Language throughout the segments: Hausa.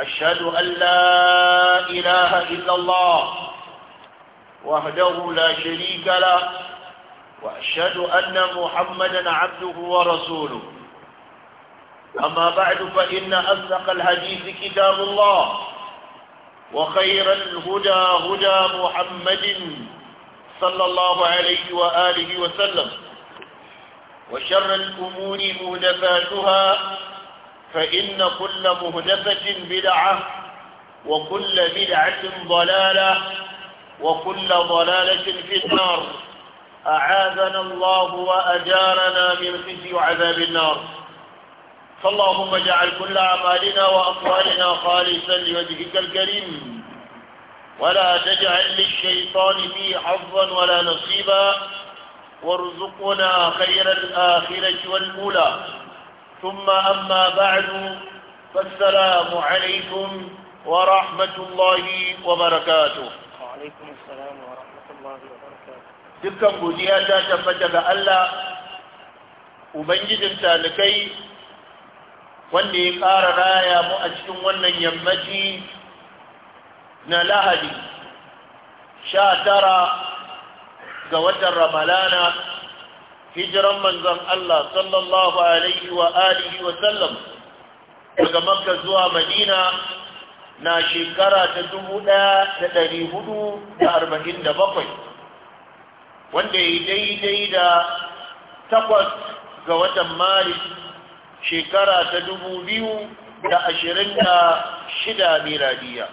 أشهد أن لا إله إلا الله وحده لا شريك له وأشهد أن محمدا عبده ورسوله أما بعد فإن أصدق الحديث كتاب الله وخير الهدى هدى محمد صلى الله عليه وآله وسلم وشر الأمور مهدفاتها فإن كل مهدفة بدعة وكل بدعة ضلالة وكل ضلالة في النار أعاذنا الله وأجارنا من خزي عذاب النار فاللهم اجعل كل أعمالنا وأقوالنا خالصا لوجهك الكريم ولا تجعل للشيطان فيه حظا ولا نصيبا وارزقنا خير الآخرة والأولى ثم أما بعد فالسلام عليكم ورحمة الله وبركاته وعليكم السلام ورحمة الله وبركاته دكا بودياتا تفتك ألا ubangijin talikai wanda ya ƙara raya mu a cikin wannan yammaci na lahadi sha tara ga watan ramalana hijiran manzan Allah sallallahu alaihi wa alihi wa sallam daga Makka zuwa Madina na shekara ta dubu ɗaya da ɗari hudu da arba'in da bakwai wanda ya daidai da takwas ga watan maris shekara ta dubu biyu da ashirin da shida miladiya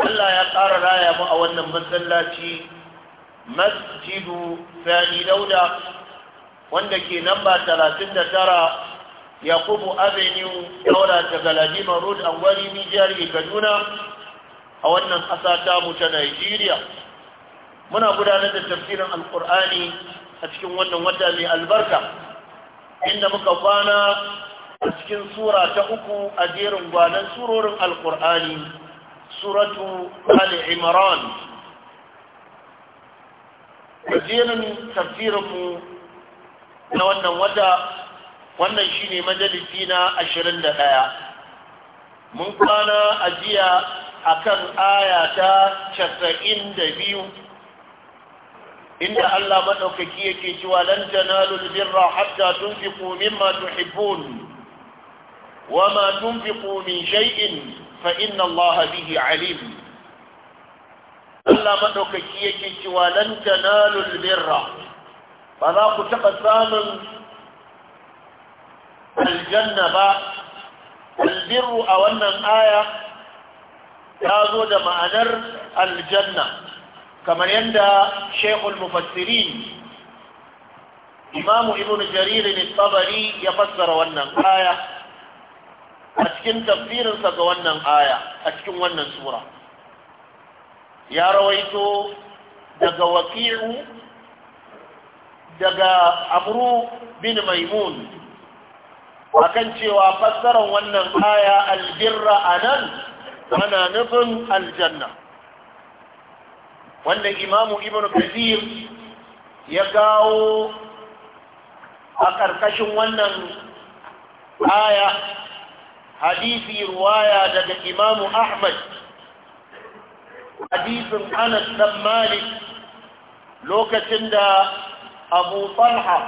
Allah ya ƙara raya mu a wannan masallaci masjidu sani dauda wanda ke namba 39 yakubu avenue daura daga Ladima road angwari mijiyar kaduna a wannan ƙasa mu ta nigeria muna gudanar da tafsirin alkur'ani a cikin wannan wata mai albarka inda muka kwana a cikin sura ta uku a jerin gwanon surorin alkur'ani suratu ali imran gajerin tafsirinmu na wannan wata wannan shine majalisi na ashirin da ɗaya mun kwana a jiya a kan aya ta casa'in da biyu inda Allah maɗaukaki yake cewa lan tanalul birra hatta tunfiqu mimma tuhibbun wama tunfiqu min shay'in fa inna Allah bihi alim Allah maɗaukaki yake cewa lan tanalul birra ba za ku taɓa samun aljanna ba albirru a wannan aya ta zo da ma'anar aljanna kamar yadda shekul mufassirin imamu ibn jaririn tsabari ya fassara wannan aya a cikin tafsirinsa ga wannan aya a cikin wannan sura ya rawaito daga wakilu daga amru bin maimun akan cewa fassarar wannan aya albirra anan ana nufin aljanna wanda imamu ibn kathir ya gawo a ƙarƙashin wannan aya hadisi ruwaya daga imamu ahmad hadisin anas ɗan malik lokacin da abu talha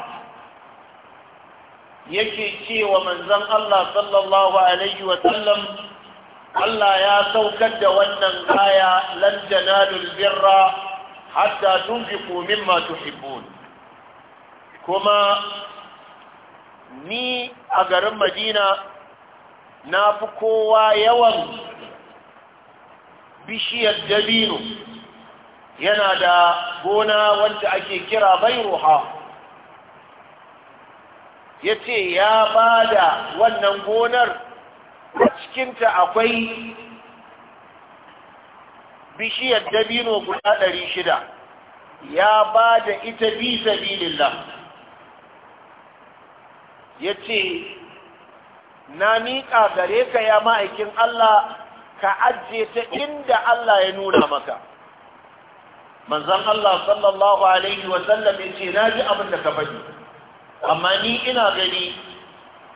yake cewa manzon Allah sallallahu alaihi Allah ya saukar da wannan kaya, lan janalul birra hatta tunfiqu mimma tuhibbun kuma ni a garin Madina na fi kowa yawan bishiyar dabino yana da gona wanda ake kira bairuha ya ce ya ba da wannan gonar cikinta akwai bishiyar dabino guda ɗari shida ya ba da ita bi sabilillah ya ce na miƙa gare ka ya ma'aikin Allah ka ajiye ta inda Allah ya nuna maka manzon Allah sallallahu alaihi wa sallam yace naji abin da ka faɗi amma ni ina gani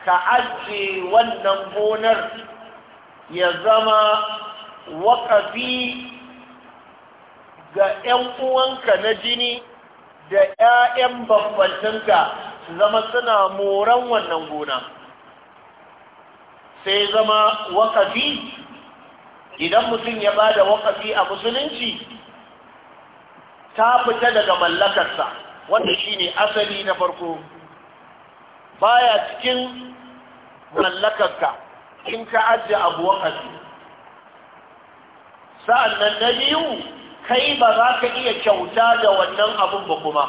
ka ajiye wannan gonar ya zama waƙafi ga 'yan uwanka na jini da 'ya'yan babbantinka su zama suna moran wannan gona sai zama waƙafi idan mutum ya ba da wakafi a musulunci ta fita daga mallakarsa wanda shi ne asali na farko baya cikin mallakarka in ka ajiye abu wakafi Sa'annan na biyu kai ba za ka iya kyauta da wannan abin ba kuma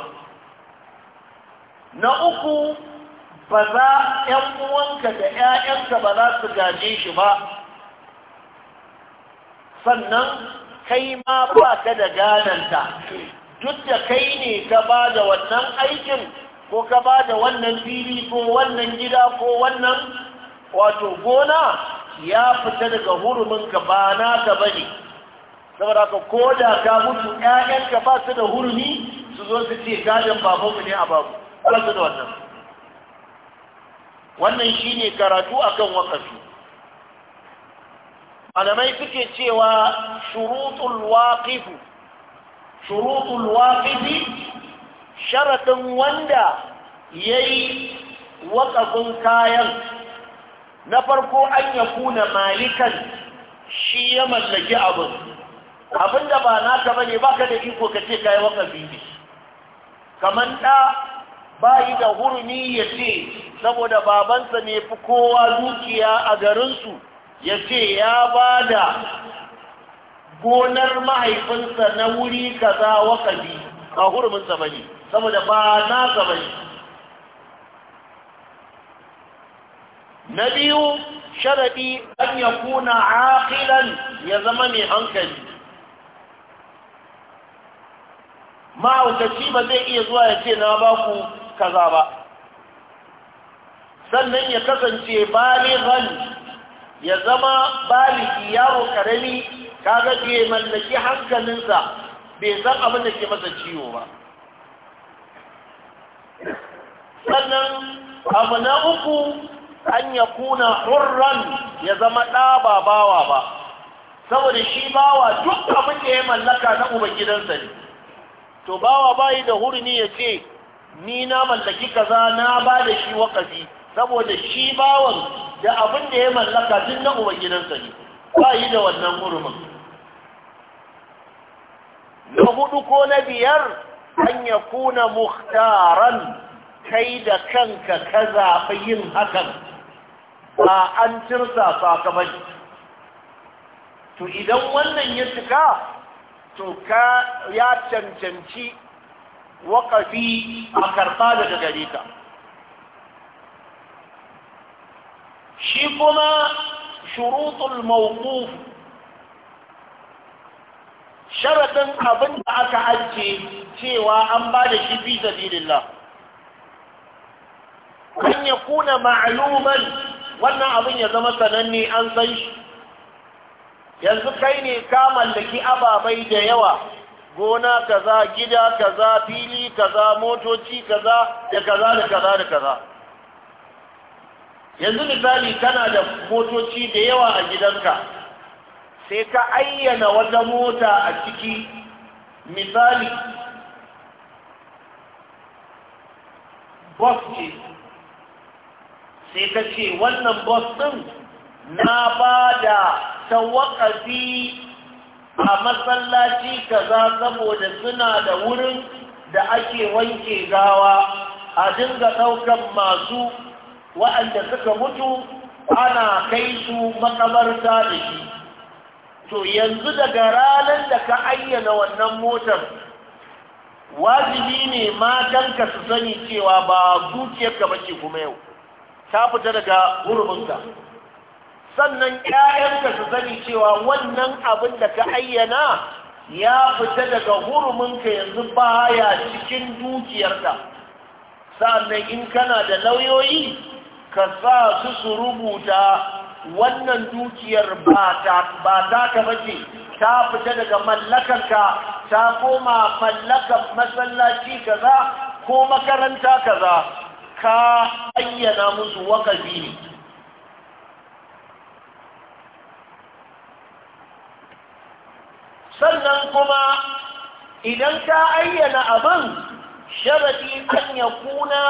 na uku ba za ‘yan uwanka da ‘ya'yanka ba za su gaje shi ba sannan kai ma ba ka da gananta duk da kai ne ka ba da wannan aikin ko ka ba da wannan fili ko wannan gida ko wannan wato gona ya fita daga huruminka ba naka ba ne saboda ka koda ka mutu ƴaƴanka ba su da hurumi su zo su ce gadon babanmu ne a babu ba su da wannan wannan shi ne karatu akan wakafi malamai suke cewa shurutul waqifu shurutul waqifi sharadin wanda yayi waqafin kayan na farko an ya kuna malikan shi ya mallaki abin abinda ba naka bane baka da iko ka ce kai waqafi ne kaman da bayi da hurumi ya saboda babansa ne fi kowa dukiya a garinsu ya ce ya ba da gonar mahaifinsa na wuri kaza wakabi ba hurumin zamani, saboda ba na zamani. na biyu sharaɗi an ya kuna aƙilan ya zama mai hankali ma'aukaci ba zai iya zuwa ya ce na ba ku kaza ba sannan ya kasance baligan ya zama baliki yaro karami kaga bai mallaki hankalinsa bai san abin da ke masa ciwo ba sannan abu na uku an ya kuna hurran ya zama ɗaba bawa ba saboda shi bawa duk abin da ya mallaka na uba gidansa ne to bawa bayi da hurni ya ce ni na mallaki kaza na ba da shi wakafi saboda shi bawan da abin da ya mallaka tun na ubangidansa ne ba yi da wannan hurumin na hudu ko na biyar an ya kuna muhtaran kai da kanka ka zaɓi yin hakan ba an cirsa sakamakon to idan wannan ya cika to ya cancanci waƙafi a karɓa daga gare ka shi kuma shurutul mawquf sharadin abin da aka ajiye cewa an ba da shi fi sabilillah an ya kuna maaluman wannan abin ya zama sananne an san shi yanzu kai ne ka mallaki ababai da yawa gona kaza gida kaza fili kaza motoci kaza da kaza da kaza da kaza yanzu misali kana da motoci da yawa a gidanka sai ka ayyana wata mota a ciki misali bus ce sai ka ce wannan bus ɗin na ba da tawakafi a masallaci kaza saboda suna da wurin da ake wanke gawa a dinga ɗaukan masu wa'anda suka mutu ana kai su makabarta da shi to yanzu daga ranar da ka ayyana wannan motar wajibi ne matanka su sani cewa ba ka bace kuma yau ta fita daga ka. sannan ƴaƴanka su sani cewa wannan abin da ka ayyana ya fita daga hurumunka yanzu baya cikin dukiyarka sannan in kana da lauyoyi ka sa su su rubuta wannan dukiyar ba ta ka bace ta fita daga mallakanka ta koma mallakan masallaci kaza ko makaranta kaza ka ayyana musu wakafi ne sannan kuma idan ka ayyana abin sharadi kan ya kuna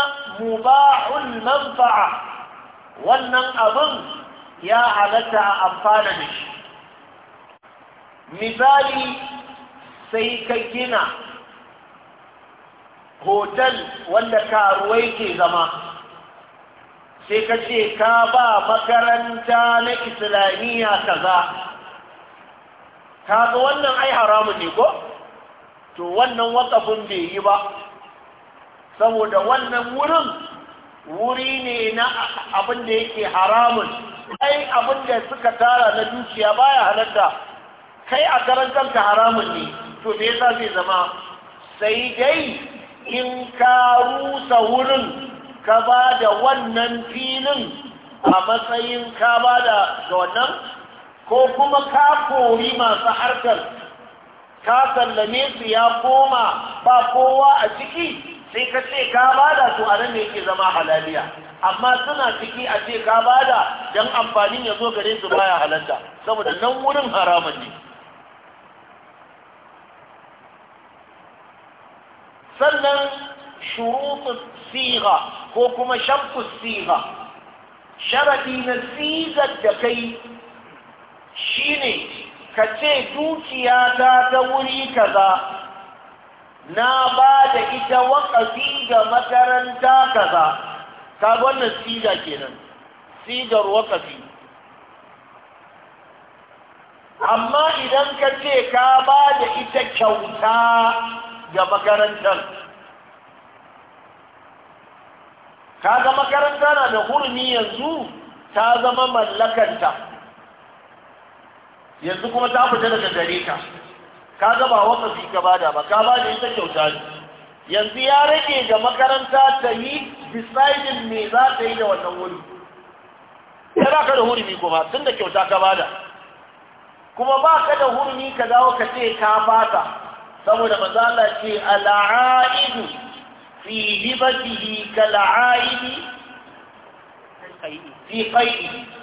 mubahul manfa'a wannan abin ya halatta a amfana da shi misali sai ka gina hotel wanda karuwai ke zama sai ka ce ka ba makaranta na islamiyya kaza ka ga wannan ai haramun ne ko to wannan wakafin bai yi ba saboda wannan wurin wuri ne na abin da yake haramun ai abin da suka tara na dukiya baya halatta kai a karan kanka haramun ne to me yasa zai zama sai dai in ka rusa wurin ka ba da wannan filin a matsayin ka ba da wannan ko kuma ka kori masu harkar ka sallame su ya koma ba kowa a ciki sai ka ce ka bada su a nan ne yake zama halaliya amma suna ciki a ce ka bada don amfanin ya zo gare su baya halatta saboda nan wurin haramun ne sannan shurutu siga ko kuma shabku siga sharadi na sigar da kai shine ka ce dukiya ta ta wuri kaza na ba da ita waƙafi ga makaranta kaza ka gwanna siga kenan sigar waƙafi amma idan ka ce ka ba da ita kyauta ga makarantar Ka ga makaranta na da hurmi yanzu ta zama mallakanta yanzu kuma ta fita daga gare ka ka ga ba fi ka bada ba ka bada ita kyauta ne yanzu ya rage ga makaranta ta yi decidin me za ta yi da wannan wuri ya ba ka da hurumi kuma tun da kyauta ka bada kuma ba ka da hurumi ka dawo ka ce ka fata saboda maza Allah ce al'aidu fi hibatihi la'a'idi fi qaidihi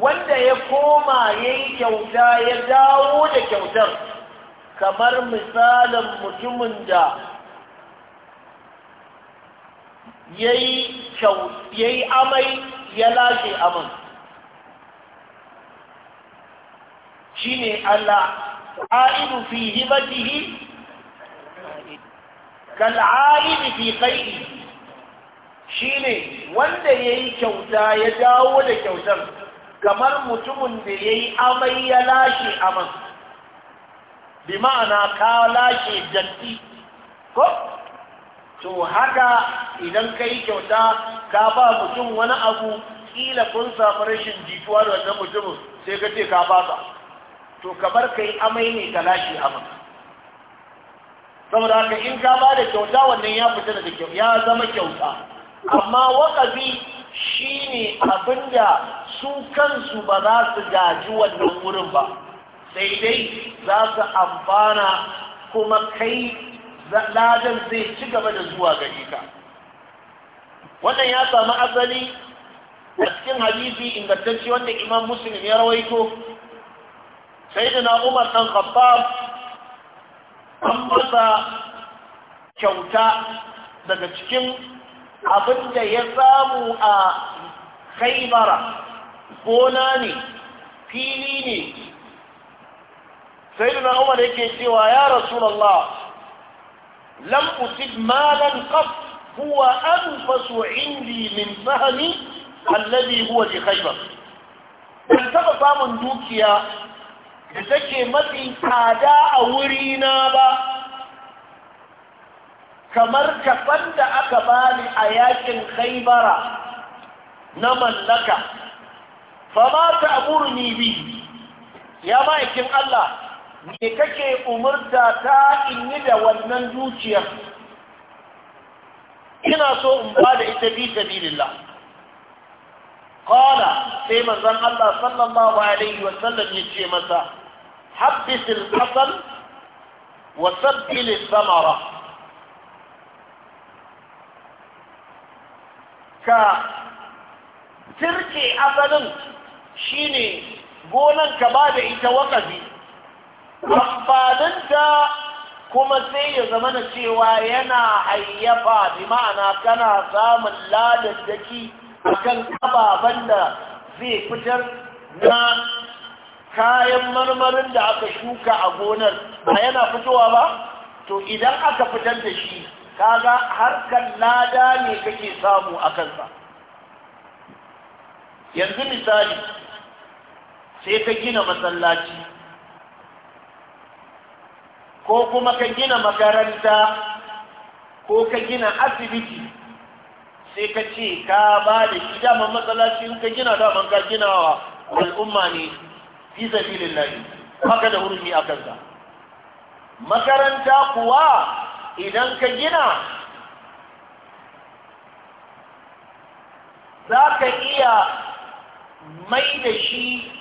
wanda ya koma ya yi kyauta ya dawo da kyautar kamar misalin mutumin da ya yi amai ya lashe amin. shi ne Allah ƙa'idu fi hibatihi kal'a'idu fi ƙa'idu shi ne wanda ya yi kyauta ya dawo da kyautar kamar mutumin da ya yi amai ya lashe aman bi ma'ana ka lashe janti ko to haka idan ka yi kyauta ka ba mutum wani abu kila kun samu rashin jituwa da wannan mutumin sai ka ce ka ba to kamar ka yi amai ne ka lashe aman saboda haka in ka ba da kyauta wannan ya fita daga kyau ya zama kyauta amma wakafi shine da. su kansu ba za su gaji wannan wurin ba sai dai za su amfana kuma kai ladan zai ci gaba da zuwa gari ka wannan ya samu asali a cikin hadisi ingantacce wanda imam muslim ya rawaito sai na umar ɗan khattab an masa kyauta daga cikin abin da ya samu a khaibara gona ne fili ne sai na umar yake cewa ya rasulallah lam usib malan qat huwa anfasu indi min fahmi alladhi huwa li khaybar ban taba samun dukiya da take mafi tsada a wurina ba kamar kafan da aka bani a yakin khaybara na mallaka fama ta amurni bi ya ma'aikin Allah me kake umurta ta in yi da wannan dukiyar ina so in ba da ita bi sabilillah qala sai manzon Allah sallallahu alaihi wa sallam ce masa habbis al-asal wa ka tirke asalin shine gonan ka ba da ita wakafi amfaninta kuma sai ya zama na cewa yana hayyafa bi ma'ana kana samun ladaddaki akan ababen da zai fitar na kayan marmarin da aka shuka a gonar ba yana fitowa ba to idan aka fitar da shi kaga harkar lada ne kake samu a kansa yanzu misali sai ka gina masallaci ko kuma ka gina makaranta ko ka gina asibiti sai ka ce ka ba da shi daman masallaci ka gina daman ka gina wa al'umma ne fi sabilin lahi haka da hurumi a kansa makaranta kuwa idan ka gina za ka iya mai da shi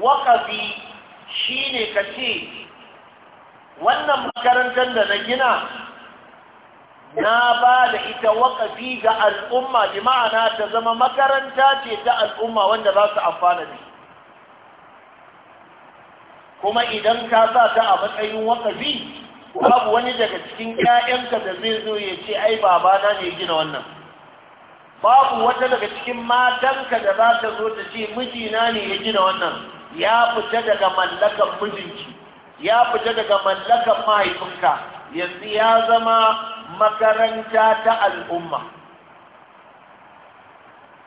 waƙafi shi ne ka ce wannan makarantar da na gina na ba da ita wakafi ga al'umma bi ma'ana ta zama makaranta ce ta al'umma wanda za su amfana ne kuma idan ka sa ta a matsayin wakafi babu wani daga cikin 'ya'yanka da zai zo ya ce ai babana ne gina wannan babu wata daga cikin matanka da za ta zo ta ce mijina ne ya gina wannan ya fita daga mallakan mijinki ya fita daga mallakan mahaifinka yanzu ya zama makaranta ta al'umma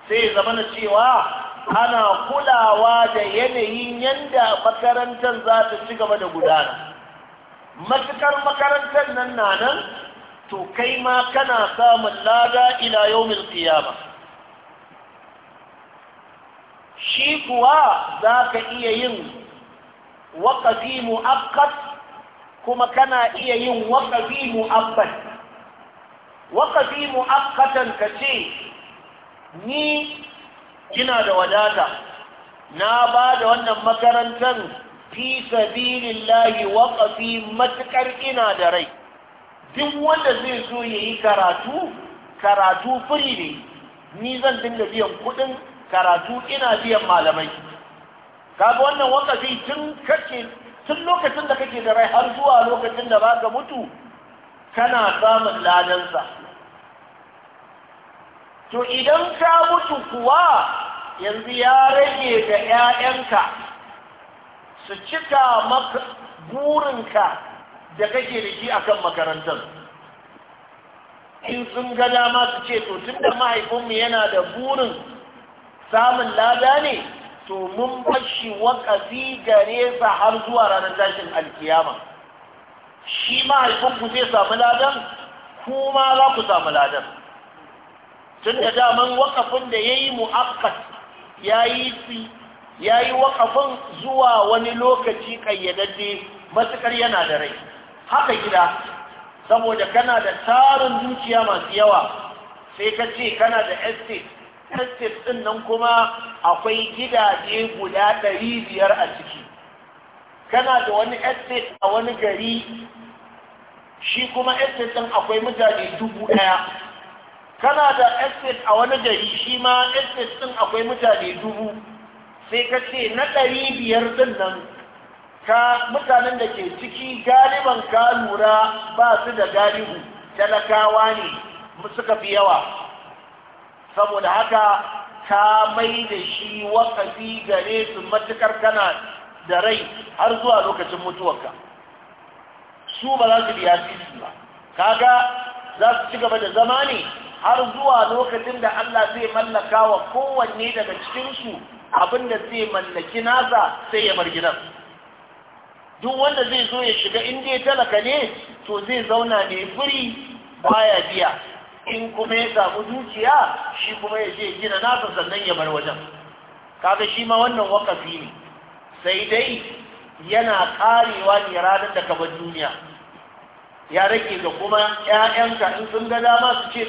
sai zama na cewa ana kulawa da yanayin yanda makarantar za ta ci gaba da gudana matukar makarantar nan na nan to kai ma kana samun lada ila yawmin qiyama shi kuwa za ka iya yin waƙafi mu'akkad kuma kana iya yin waƙafi mu'abbad waƙafi mu'akkatan ka ce ni kina da wadata na ba da wannan makarantar fi sabilillahi waƙafi matuƙar ina da rai duk wanda zai so ya yi karatu karatu firi ne ni zan dinga biyan kuɗin karatu ina biyan malamai kaga wannan wakafi tun kake tun lokacin da kake da rai har zuwa lokacin da baka mutu kana samun ladansa to idan ka mutu kuwa yanzu ya rage ga 'ya'yanka su cika maka burinka da kake da shi akan makarantar in sun ga dama su ce to tun da mahaifinmu yana da burin samun lada ne to mun bashi wakafi gare sa har zuwa ranar tashin alkiyama shi mahaifinku zai samu ladan kuma za ku samu ladan tun da daman wakafin da ya yi mu'akkat ya yi ya yi wakafin zuwa wani lokaci ƙayyadadde matuƙar yana da rai haka gida saboda kana da tarin dukiya masu yawa sai ka ce kana da estate estate din nan kuma akwai gidaje guda ɗari biyar a ciki kana da wani estate a wani gari shi kuma estate din akwai mutane dubu ɗaya kana da estate a wani gari shi ma estate din akwai mutane dubu sai ka ce na ɗari biyar din nan ka mutanen da ke ciki galiban ka lura ba su da galibu talakawa ne suka fi yawa saboda haka ka mai da shi wakafi gare su matukar kana da rai har zuwa lokacin mutuwarka su ba za su biya su ba kaga za su ci gaba da zama ne har zuwa lokacin da Allah zai mallaka wa kowanne daga cikinsu abinda zai mallaki nasa sai ya bar gidan duk wanda zai zo ya shiga in dai talaka ne to zai zauna ne furi baya biya in kuma ya samu dukiya shi kuma ya je gina nasa sannan ya bar wajen kaga shi ma wannan wakafi ne sai dai yana karewa ne ranar da kaba duniya ya rage ga kuma 'ya'yanka in sun ga dama su ce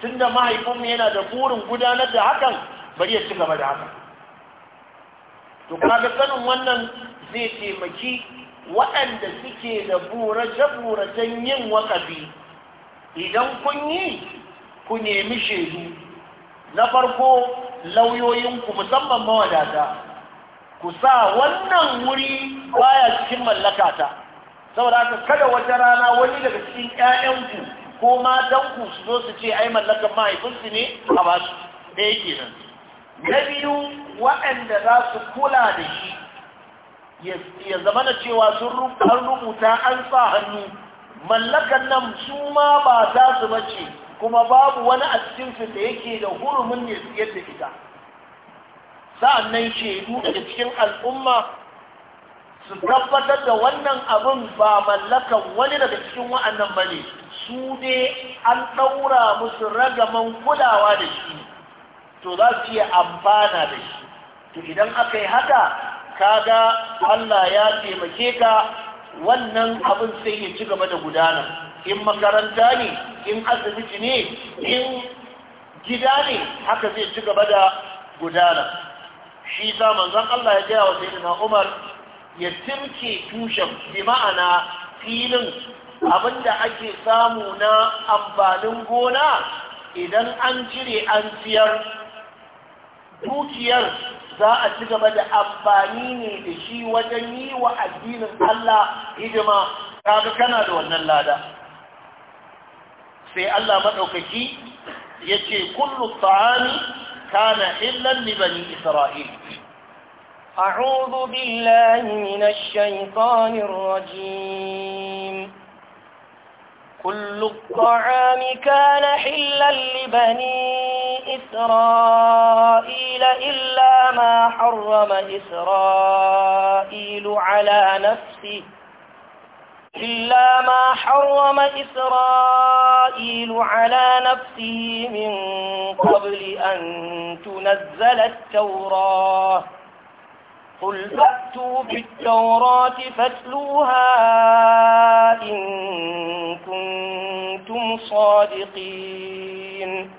to da mahaifinmu yana da burin gudanar da hakan bari ya ci gaba da hakan to kaga sanin wannan zai taimaki waɗanda suke da burace-buracen yin wakafi idan kun yi ku nemi shaidu na farko lauyoyinku musamman mawadata ku sa wannan wuri baya cikin mallakata saboda haka kada wata rana wani daga cikin 'ya'yanku ko matanku su zo su ce ai mallakan mahaifinsu ne a ba su da yake nan na biyu waɗanda za su kula da shi ya zama na cewa sun rubuta an sa hannu mallakan nan su ma ba za su bace kuma babu wani a cikinsu da yake da hurumin ne su da ita nan shaidu daga cikin al'umma su tabbatar da wannan abin ba mallakan wani daga cikin wa'annan ba ne su ne an ɗaura musu ragaman kulawa da shi to za su iya amfana da shi to idan aka yi haka kaga Allah ya taimake ka wannan abin sai ya ci gaba da gudana in makaranta ne in asibiti ne in gida ne haka zai ci gaba da gudana shi za manzon Allah ya gaya wa sayyidina Umar ya tirke tushen bi ma'ana filin abinda ake samu na amfanin gona idan an cire an siyar dukiyar za a ci gaba da amfani ne da shi wajen yi wa addinin Allah hidima kaga kana da wannan lada sai Allah madaukaki yace kullu ta'ami kana illan li bani isra'il a'udhu billahi minash shaitanir rajim kullu ta'ami kana hillan li bani إسرائيل إلا ما حرم إسرائيل على نفسه إلا ما حرم إسرائيل على نفسه من قبل أن تنزل التوراة قل فأتوا بالتوراة فاتلوها إن كنتم صادقين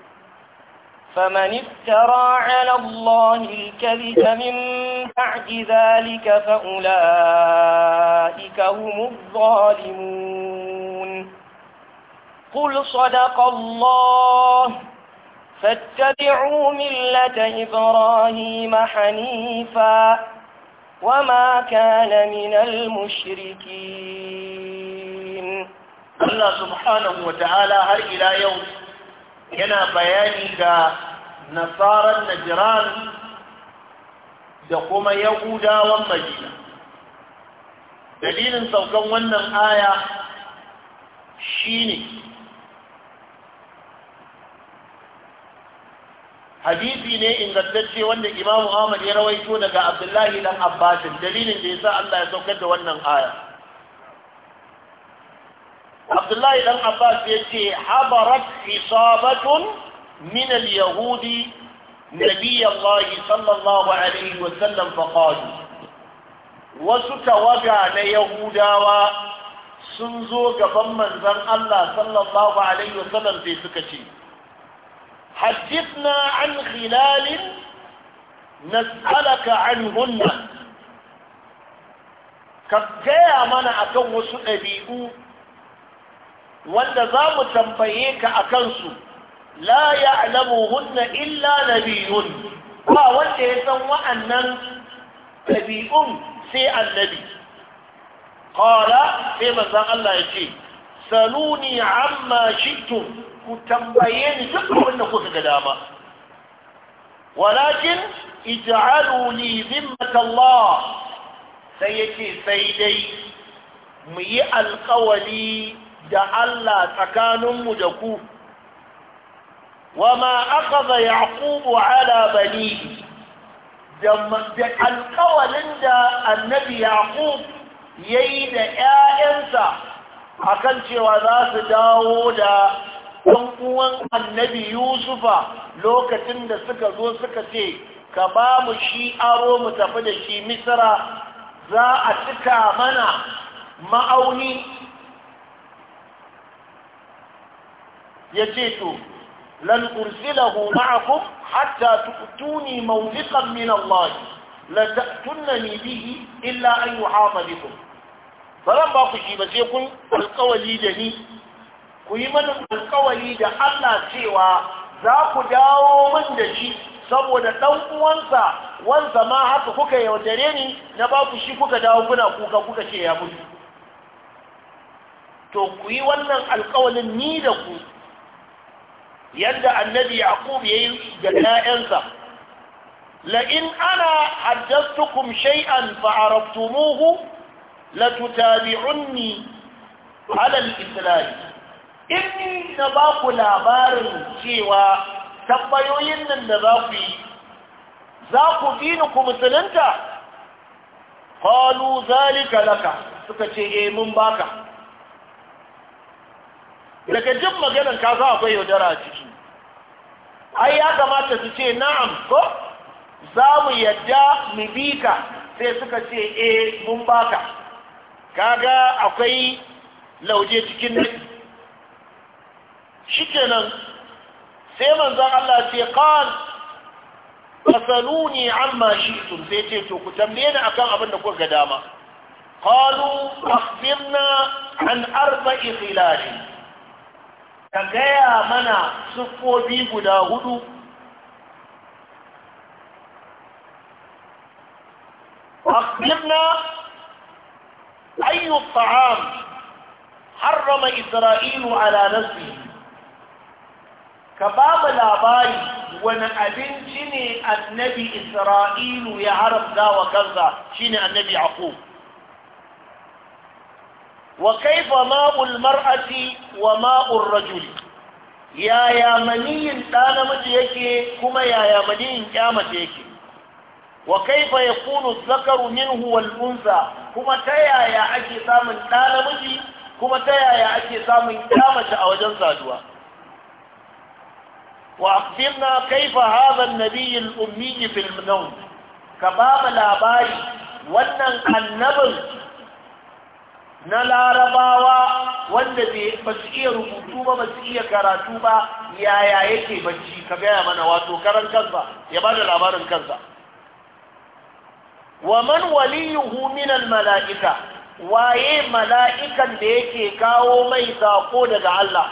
فمن افترى على الله الكذب من بعد ذلك فأولئك هم الظالمون قل صدق الله فاتبعوا ملة إبراهيم حنيفا وما كان من المشركين الله سبحانه وتعالى هل إلى يوم yana bayani ga nasarar najiran da kuma yahudawan madina dalilin saukan wannan aya shine hadisi ne ingantacce wanda imamu ahmad ya rawaito daga abdullahi dan abbasin dalilin da ya sa allah ya saukar da wannan aya abdullahi dan abbas ya ce habarat isabatun min al-yahudi nabiy Allah sallallahu alaihi wa sallam faqalu wasu tawaga na yahudawa sun zo gaban manzon Allah sallallahu alaihi wa sallam sai suka ce حدثنا عن خلال نسألك عنهن ka gaya mana akan wasu ɗabi'u wanda za mu tambaye ka a kansu la ya'lamu hunna illa nabiyun ba wanda ya san wa'annan ɗabi'un sai annabi Ƙara sai Allah ya ce saluni amma shi'tum ku tambaye ni duk abin da kuka ga dama walakin ij'alu li zimmatallah sai yake sai dai mu yi alƙawari. da Allah tsakaninmu da ku wama ga Yakubu ala bani da alƙawalin da annabi ya yayi da ƴaƴansa akan cewa za su dawo da ɗan uwan annabi yusufa lokacin da suka zo suka ce ka ba mu shi aro mu tafi da shi za a cika mana ma'auni ya ce to lan ursilahu ma'akum hatta tu'tuni mawthiqan min Allah la ta'tunani bihi illa an yuhata bikum ba ku ji ba sai kun alƙawali da ni ku yi mana alƙawali da Allah cewa za ku dawo min da shi saboda ɗan uwansa wansa ma haka kuka yaudare ni na ba ku shi kuka dawo kuna kuka kuka ce ya mutu to ku yi wannan alkawalin ni da ku yadda annabi yaqub yayi ga ƴaƴansa la in ana haddathukum shay'an fa araftumuhu la tutabi'unni ala al-islam in na ba ku labarin cewa tambayoyin nan da za ku yi za ku ni ku musulunta qalu zalika laka suka ce eh mun baka daga jin maganan ka za akwai yaudara a ciki ai ya kamata su ce na'am ko za mu yadda mu bi ka sai suka ce e mun baka kaga akwai lauje cikin nake shikenan sai manzon Allah ce qal fasaluni amma shi'tum sai ce to ku tambaye ni akan abin da kuka ga dama qalu akhbirna an arba'i khilal ka gaya mana siffofi guda hudu أخبرنا أي الطعام حرم إسرائيل على نفسه كباب الآباي وانا شني النبي إسرائيل يعرف ذا وكذا شيني النبي عقوب wa kaifa ma'ul mar'ati wa ma'ur rajuli yaya maniyin ɗa namiji yake kuma yaya maniyin kyamace yake wa kaifa yakunu zakaru minhu wal unsa kuma ta yaya ake samun ɗa namiji kuma ta yaya ake samun kyamace a wajen saduwa wa akhbirna kaifa hadha an-nabiy al-ummi fi nawm ka ba mu labari wannan annabin na larabawa wanda ba su iya rubutu ba ba su iya karatu ba yaya yake bacci ka gaya mana wato karan kansa ya ba da labarin kansa wa man waliyuhu min al waye mala'ikan da yake kawo mai sako daga Allah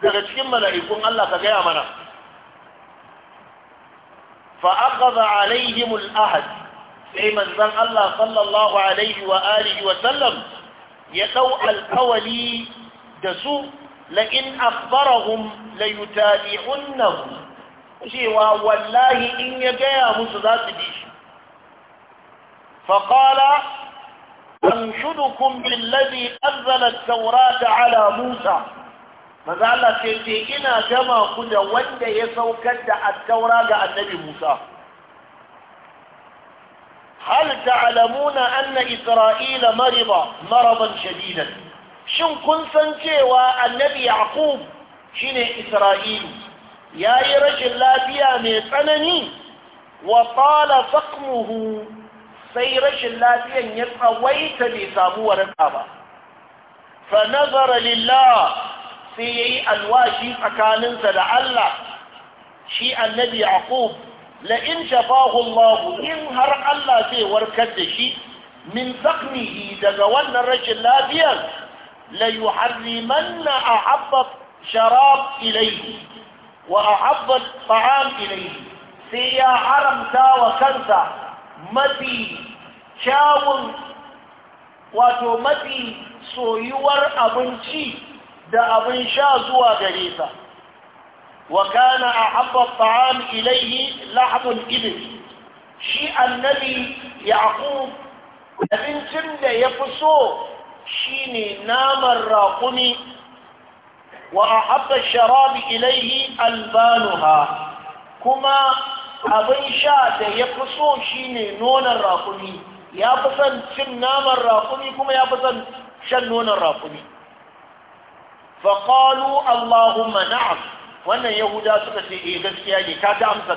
daga cikin mala'ikun Allah ka gaya mana fa aqadha alaihim al ahad sai manzon Allah sallallahu alaihi wa alihi wa sallam ya ɗau alkawali da su la'in akbarahum la yutabi'unnahu cewa wallahi in ya gaya musu za su bi shi faƙala أنشدكم بالذي أنزل التوراة على موسى maza Allah sai ina gama ku da wanda ya saukar da attaura ga annabi Musa hal ta'lamuna na isra'ila mariba maraban shadidan shin kun san cewa annabi yaqub shine isra'ilu yayi rashin lafiya mai tsanani wa tala saqmuhu sai rashin lafiyan ya tsawaita bai samu waraka ba fa nazara lillah sai yayi alwashi tsakaninsa da Allah shi annabi yaqub la'in shafahun Allah in har Allah zai warkar da shi min saknihi daga wannan rashin lafiyar la a ahabba sharab ilayhi wa ahabba ta'am ilayhi sai ya haramta wa kansa mafi kyawun wato mafi soyuwar abinci da abin sha zuwa gare sa وكان أحب الطعام إليه لحم الإبل shi annabi يعقوب abincin da ya fi so shine naman raƙumi wa a haɓa sharabi ilaihi albanuha kuma abin sha da ya fi so shine nonon raƙumi yafi fi son cin naman raƙumi kuma yafi son shan nonon raƙumi faƙalu allahumma na'am wannan yahuda suka ce eh gaskiya ne ka ta amsa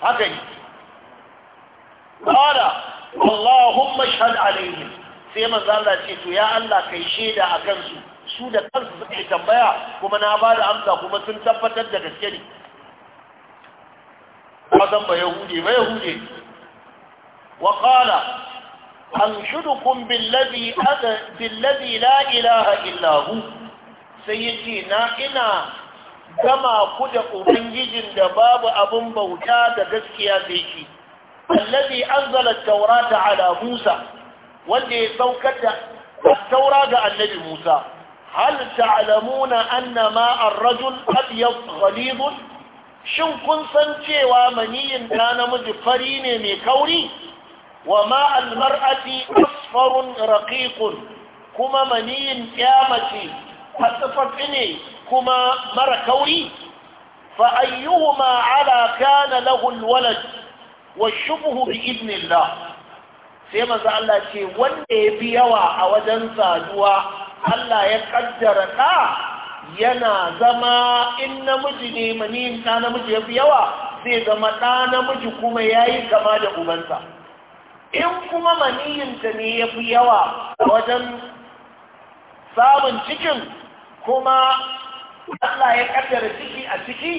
haka ne qala allahumma shahad alaihim sai manzo Allah ce to ya Allah kai shaida a kansu su da kansu suke tambaya kuma na ba da amsa kuma sun tabbatar da gaske ne wazan ba yahude ba yahude wa qala anshudukum billazi billazi la ilaha illa hu sai yace na ina gama ku da ubangijin da babu abin bauta da gaskiya sai shi allazi anzala taurata ala musa wanda ya saukar da taura ga annabi musa hal ta'lamuna anna ma ar-rajul abyad ghalid shin kun san cewa maniyin da namiji fari ne mai kauri wa ma al-mar'ati asfarun raqiqun kuma maniyin kyamace a ne kuma mara kauri fa ayyuhuma ala kana lahu alwalad wa shubhu bi idnillah sai manzo Allah ce wanda ya fi yawa a wajen saduwa Allah ya kaddara ɗa yana zama in namiji ne maniyin ɗa namiji ya fi yawa zai zama ɗa namiji kuma ya yi kama da ubansa in kuma maniyinta ne ya fi yawa a wajen samun cikin kuma Allah ya kaddara ciki a ciki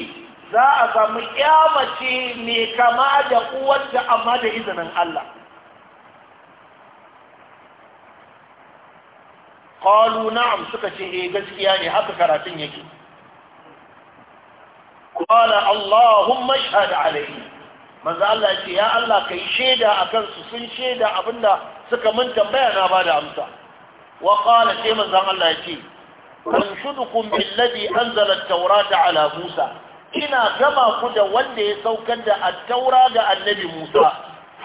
za a samu mace mai kama da uwarta amma da izinin Allah Kalu na'am suka ce e gaskiya ne haka karatun yake qala allahumma shahad alaihi. Maza Allah ce ya Allah ka yi shaida a kansu sun shaida abinda suka mun tambaya na da amsa wa kwana ce manzo Allah ce anshudukum billadhi anzala at-taurata ala Musa ina gama ku da wanda ya saukar da at-taura ga annabi Musa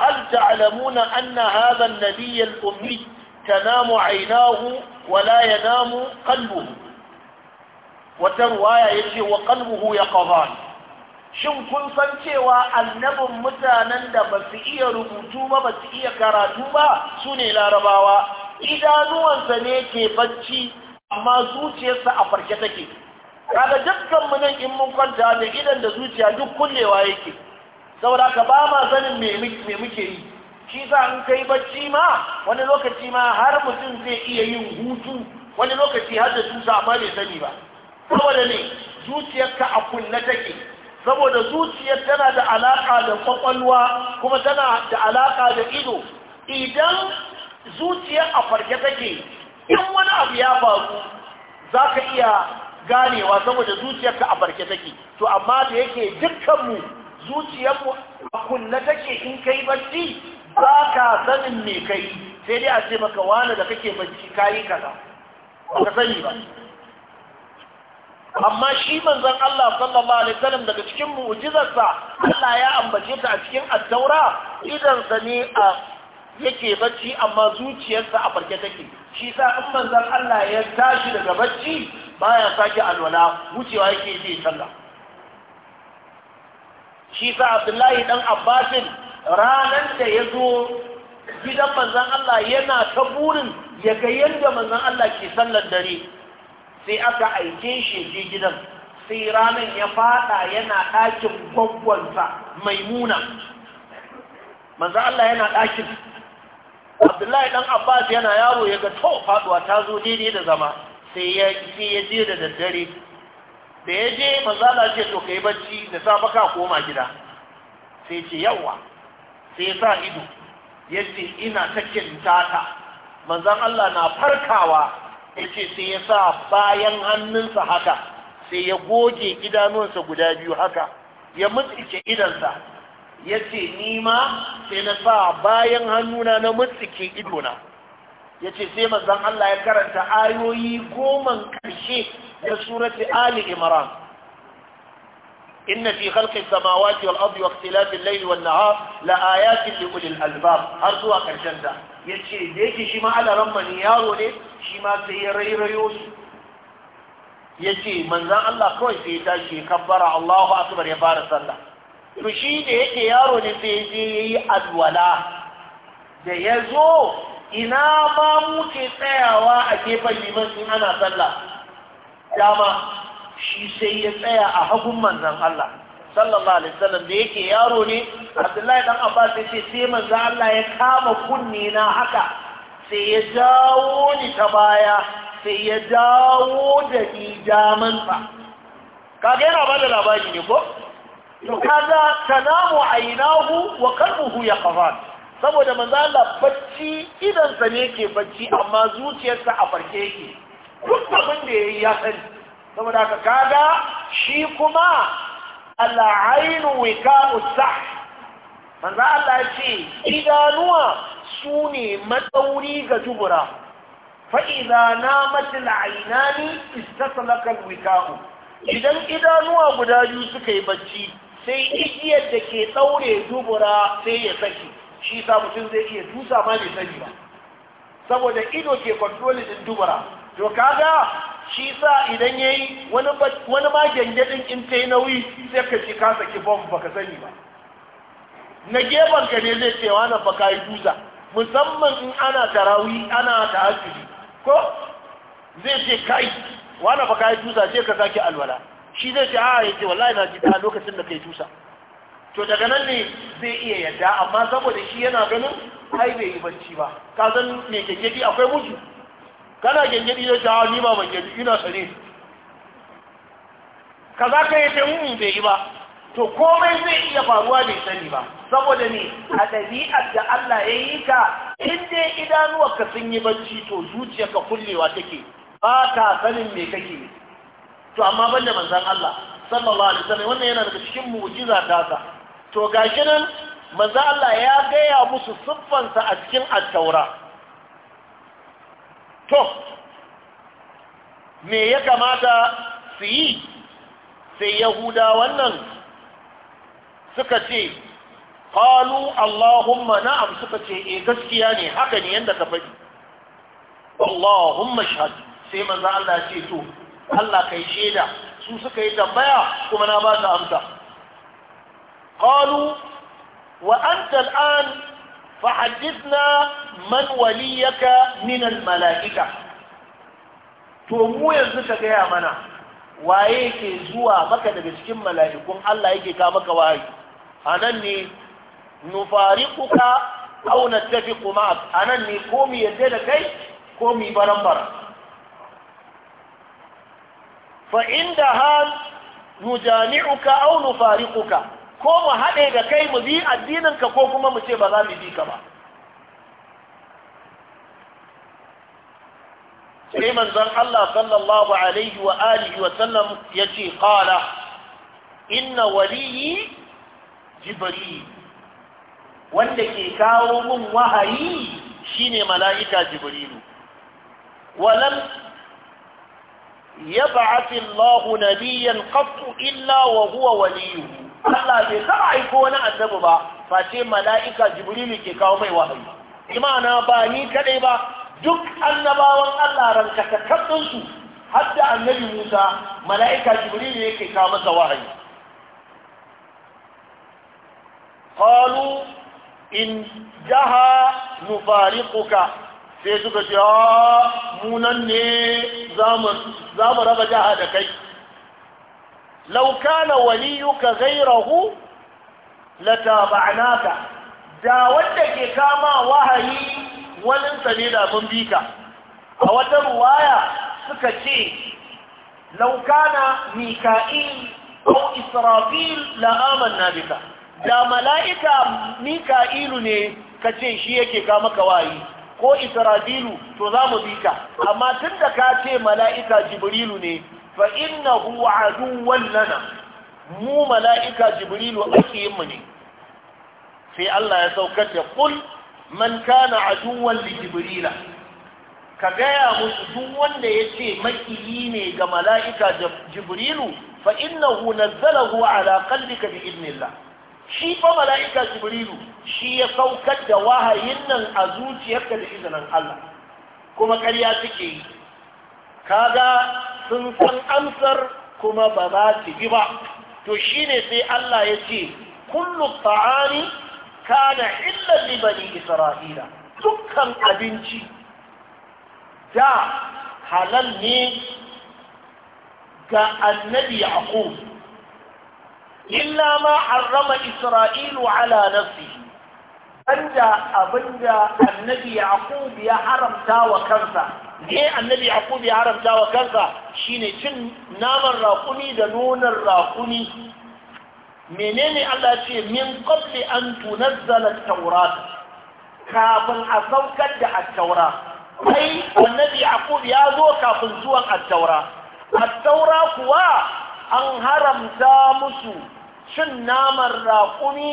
hal ta'lamuna anna hadha an-nabiy al-ummi tanamu 'aynahu wa la yanamu qalbuhu wa tarwaya yace wa qalbuhu yaqdan shin kun san cewa annabin mutanen da ba iya rubutu ba ba iya karatu ba su ne larabawa idanuwansa ne ke bacci amma zuciyarsa a farke take kaga dukkan mu nan in mun kwanta da idan da zuciya duk kullewa yake saboda ka ba ma sanin me muke yi shi sa in kai bacci ma wani lokaci ma har mutum zai iya yin hutu wani lokaci har da tusa amma bai sani ba saboda ne zuciyarka a kunne take saboda zuciyar tana da alaka da kwakwalwa kuma tana da alaka da ido idan zuciyar a farke take in wani abu ya faru za ka iya ganewa saboda zuciyarka a barke take to amma da yake dukkanmu zuciyarmu a kunna take in kai bacci, ba ka sanin me kai sai dai a ce maka wani da kake barci kayi kaza ba ka sani ba amma shi manzon Allah sallallahu alaihi wasallam daga cikin mu'jizarsa Allah ya ambace ta a cikin addaura idan sa ne a yake bacci amma zuciyarsa a farke take shi sa in manzon Allah ya tashi daga bacci baya sake alwala wucewa yake je sallah shi sa Abdullahi dan Abbasin ranan da ya zo gidan manzon Allah yana ta burin ya ga yadda manzon Allah ke sallar dare sai aka aike shi je gidan sai ranan ya fada yana ɗakin gwaggwansa maimuna manzon Allah yana ɗakin abdullahi dan abbas yana yaro ya ga to faduwa ta zo daidai da zama sai ya ya je da daddare da ya je manzala ce to kai bacci da safe ka koma gida sai ce yawa sai sa ido ya ce ina ta kintata manzan Allah na farkawa ya ce sai ya sa bayan hannunsa haka sai ya goge idanuwansa guda biyu haka ya mutsike idansa ya ce ni ma sai na sa bayan hannuna na mutsike idona ya ce sai mazan Allah ya karanta ayoyi goman karshe na surati Ali Imran inna fi khalqi samawati wal ardi wa ikhtilafi al-layli wan nahar la ayatin li ulil albab har zuwa karshen ta yace da yake shi ma alaran mani yaro ne shi ma sai ya rairayo su yace manzon Allah kawai sai ya tashi kabbara Allahu akbar ya fara sallah to shi da yake yaro ne sai je yayi alwala da ya zo ina ma muke tsayawa a gefen liman sun ana sallah dama shi sai ya tsaya a hagun manzan Allah sallallahu alaihi wasallam da yake yaro ne Abdullahi dan Abbas sai ce sai manzan Allah ya kama kunni na haka sai ya dawo ni ta baya sai ya dawo da ni damansa kaga yana ba da labari ne ko to kaga tanamu ainahu wa ya yaqran saboda manzo Allah bacci idan sa ne ke bacci amma zuciyarsa a farke yake duk abin da yayi ya sani saboda haka kaga shi kuma al wika'u sah manzo Allah ya ce idanuwa su ne matsauri ga dubura fa'iza na matil ainani istasalakal wika'u idan idanuwa guda biyu suka yi bacci sai igiyar da ke saure dubura sai ya saki shi sa mutum zai iya dusa ma mai sani ba saboda ido ke kwantoli din dubura to kaga shi sa idan ya yi wani ma in ta yi nauyi sai ka ci ka saki bom baka sani ba na gefen ka ne zai cewa na baka yi dusa musamman in ana tarawi ana ta ta'azzuri ko zai ce kai wani baka yi dusa sai ka sake alwala shi zai ce a ah, yace wallahi na ji a lokacin da kai tusa to daga nan ne zai iya yadda amma saboda shi yana ganin ai bai yi bacci ba ka san me gengedi akwai mutu kana gengedi zai ce ah, ni ba ban gengedi ina ka za ka yace mun hmm, bai yi ba to komai zai iya faruwa bai sani ba saboda ne a ɗabi'ar da Allah ya yi ka inda idanuwa ka sun yi bacci to ka kullewa take ba ka sanin me kake to amma da manzan Allah sallallahu alaihi wasallam wannan yana daga cikin mu'jiza ta to gashi nan manzan Allah ya gaya musu siffansa a cikin at-taura to me ya kamata su yi sai yahuda wannan suka ce qalu allahumma na'am suka ce eh gaskiya ne haka ne yanda ka faɗi allahumma shahad sai manzan Allah ya ce to Allah kai shaida su suka yi tambaya kuma na ba su amsa qalu wa anta al'an fahaddithna man waliyaka min al-mala'ika to mu yanzu ka gaya mana waye ke zuwa maka daga cikin mala'ikun Allah yake ka maka wayi anan ne nufariquka aw nattafiqu ma'ak anan ne ko mu yadda da kai ko mu barambara fa inda ha nujami'uka aw nufariquka ko mu haɗe da kai mu bi addininka ko kuma mu ce ba za mu bi ka ba sai manzon Allah sallallahu alaihi wa alihi wa sallam ce ƙara inna waliyi jibari, wanda ke kawo mun wahayi shine mala'ika jibrilu walam يبعث الله نبيا قط إلا وهو وليه Allah bai taɓa aiko na annabu ba, face mala’ika Jibril ke kawo mai wahayi. Imana ba ni kaɗai ba, duk annabawan Allah ranka ta kaɗinsu, har annabi Musa mala’ika Jibril ke kawo masa wahayi. Kalu in jaha nufari sai suka ce ah, mu nan ne za mu raba jaha da kai laukana waliyuka gairahu lataba'naka da wanda ke kama wahayi walinsa ne da abin bi ka a wata ruwaya suka ce laukana mika'il ko israfil la'aman na bika da mala'ika mika'ilu ne ka ce shi yake kama ka wahayi ko israfilu to za mu bi ka amma tun da ka ce mala'ika jibrilu ne fa innahu aduwwan lana mu mala'ika jibrilu yin mu ne sai Allah ya saukar da kul man kana aduwwan li jibrila ka gaya musu duk wanda ya ce makiyi ne ga mala'ika jibrilu fa innahu nazzalahu ala qalbika bi idnillah shi fa mala'ika jibrilu shi ya saukar da wahayin nan a zuciyarka da izinin Allah kuma ƙarya suke yi kaga sun san amsar kuma ba za su bi ba to shine sai Allah ya ce kullu ta'ani kana illan li bani isra'ila dukkan abinci da halal ne ga annabi yaqub illa ma harrama isra'ilu ala nafsihi banda abinda annabi yaqub ya haramta wa kansa me annabi yaqub ya haramta wa kansa shine cin naman raƙumi da nonon raƙumi menene Allah ce min qabli an tunazzala at-taurat kafin a saukar da at-taura annabi yaqub ya zo kafin zuwan at-taura at-taura kuwa an haramta musu cin naman raƙumi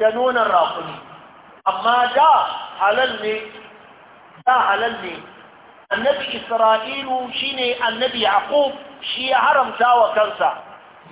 da nonon rakuni amma da halal ne da halal ne annabi isra'ilu shine annabi yaqub shi ya haramta wa kansa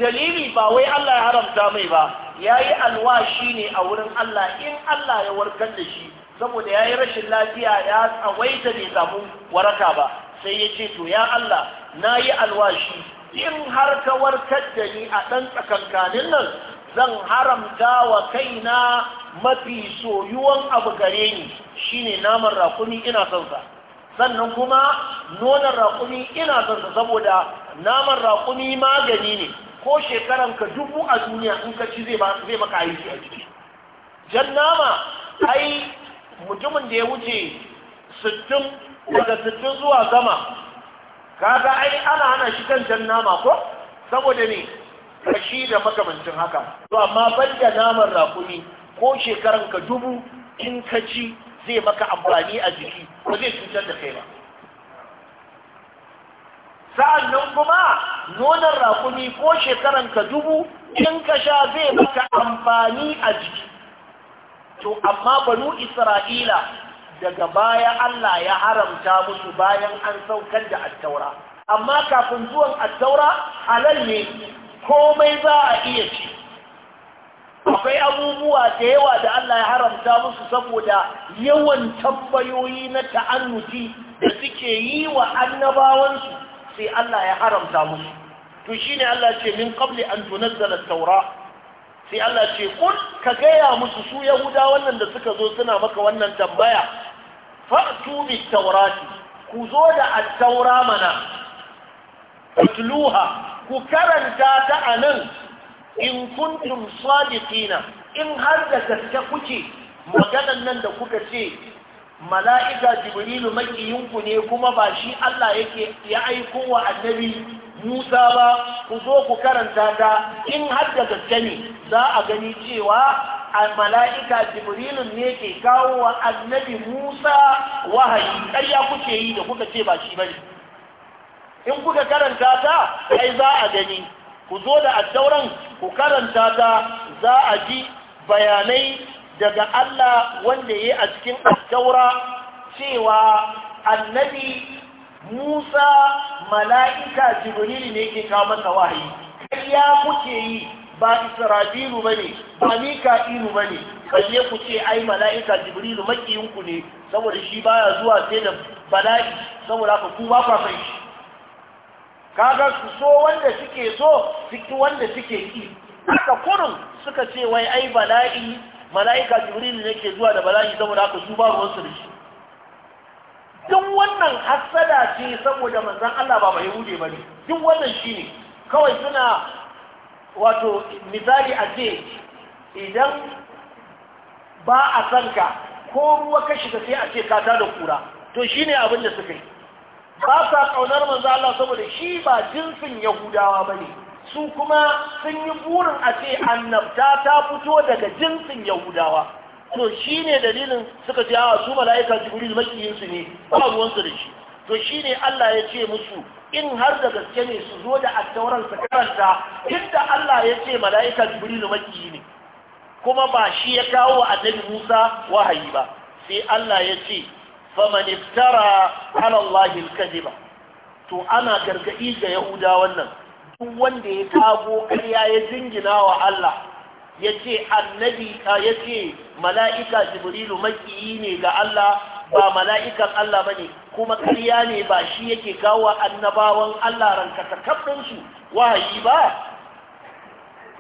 dalili ba wai Allah ya haramta mai ba yayi alwashi ne a wurin Allah in Allah ya warkar da shi saboda yayi rashin lafiya ya tsawaita bai samu waraka ba sai ya ce to ya Allah nayi alwashi in har ka warkar da ni a ɗan tsakankanin nan zan haramta wa kaina mafi soyuwan abu gare ni shine naman rakumi ina son sannan kuma nonon rakumi ina son saboda naman rakumi magani ne ko shekaran ka dubu a duniya in ka ci zai maka aiki a jiki jan nama ai mutumin da ya wuce sittin daga sittin zuwa sama kaga ai ana hana shi kan jan nama ko saboda ne kashi da makamancin haka to amma banda naman rakumi ko shekaran ka dubu in ka ci zai maka amfani a jiki ko zai cutar da kai ba sa'an nan kuma nonon rakumi ko shekaran ka dubu in ka sha zai maka amfani a jiki to amma banu isra'ila daga baya Allah ya haramta musu bayan an saukar da attaura amma kafin zuwan attaura halal ne komai za a iya ci akwai abubuwa da yawa da Allah ya haramta musu saboda yawan tambayoyi na ta'annuti da suke yi wa annabawansu sai Allah ya haramta musu to shine Allah ce min qabli an tunazzala at-taura sai Allah ce kun ka gaya musu su yahuda wannan da suka zo suna maka wannan tambaya fa'tu bit-taurati ku zo da at-taura mana atluha ku karanta ta a nan in kuntum sadiqina in har da gaske kuke maganan nan da kuka ce mala'ika jibrilu makiyinku ne kuma ba shi Allah yake ya aiko wa annabi Musa ba ku zo ku karanta ta in har da gaske ne za a gani cewa mala'ika jibrilu ne ke kawo wa annabi Musa wahayi ƙarya kuke yi da kuka ce ba shi bane in kuka karanta ta ai za a gani ku zo da addauran ku karanta ta za a ji bayanai daga Allah wanda ya a cikin addaura cewa annabi Musa mala'ika Jibril ne ke kawo masa wahayi kariya kuke yi ba Isra'ilu bane ba Mika'ilu bane ne ku ce ai mala'ika Jibril makiyinku ne saboda shi baya zuwa sai da bala'i saboda ku ba ku shi kaga su so wanda suke so su wanda suke ki haka kurun suka ce wai ai bala'i mala'ika jibril ne ke zuwa da bala'i saboda haka su ba ruwan su da shi duk wannan hasada ce saboda manzon Allah ba bai hude bane duk wannan shine kawai suna wato misali a ce idan ba a sanka ko ruwa ka shiga sai a ce ka da kura to shine abin da suka yi ba sa kaunar manzo Allah saboda shi ba jinsin yahudawa bane su kuma sun yi burin a ce annabta ta fito daga jinsin yahudawa to shine dalilin suka ce a su mala'ika jibril makiyin su ne ba ruwan su da shi to shine Allah ya ce musu in har da gaske ne su zo da attauran su karanta inda Allah ya ce mala'ika jibril makiyi ne kuma ba shi ya kawo wa annabi Musa wahayi ba sai Allah ya ce faman iftara ala Allah alkaziba to ana gargadi ga yahuda wannan duk wanda ya kago ƙarya ya jingina wa Allah ya ce annabi ya ce mala'ika jibrilu makiyi ne ga Allah ba mala'ikan Allah ba ne kuma ƙarya ne ba shi yake gawa annabawan Allah rankata su wahayi ba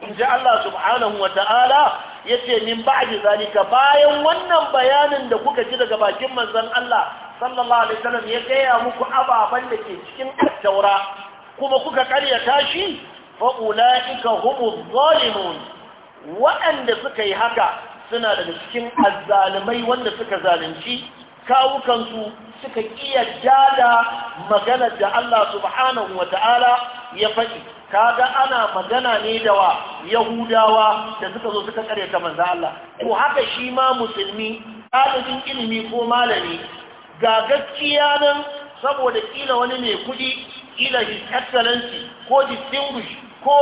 in ji Allah subhanahu wa ta'ala ya ce min ba'di zalika bayan wannan bayanin da kuka ji daga bakin manzon Allah sallallahu alaihi wasallam ya gaya muku ababen da ke cikin taura kuma kuka karyata shi fa hubu humuz zalimun waɗanda suka yi haka suna daga cikin azzalimai wanda suka zalunci kawukansu suka iya da maganar da Allah subhanahu wa ta'ala ya faɗi kaga ana magana ne da wa yahudawa da suka zo suka karyata manzo Allah Ko haka shi ma musulmi ɗalibin ilimi ko malami ga gaskiya nan saboda ƙila wani mai kuɗi, ƙila his excellency ko distinguish ko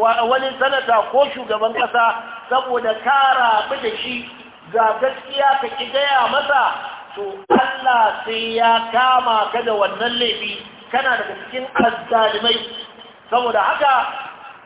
wani sanata ko shugaban ƙasa saboda ka rabu da shi ga gaskiya ka ki gaya masa to Allah sai ya kama ka da wannan laifi kana daga cikin azzalimai saboda haka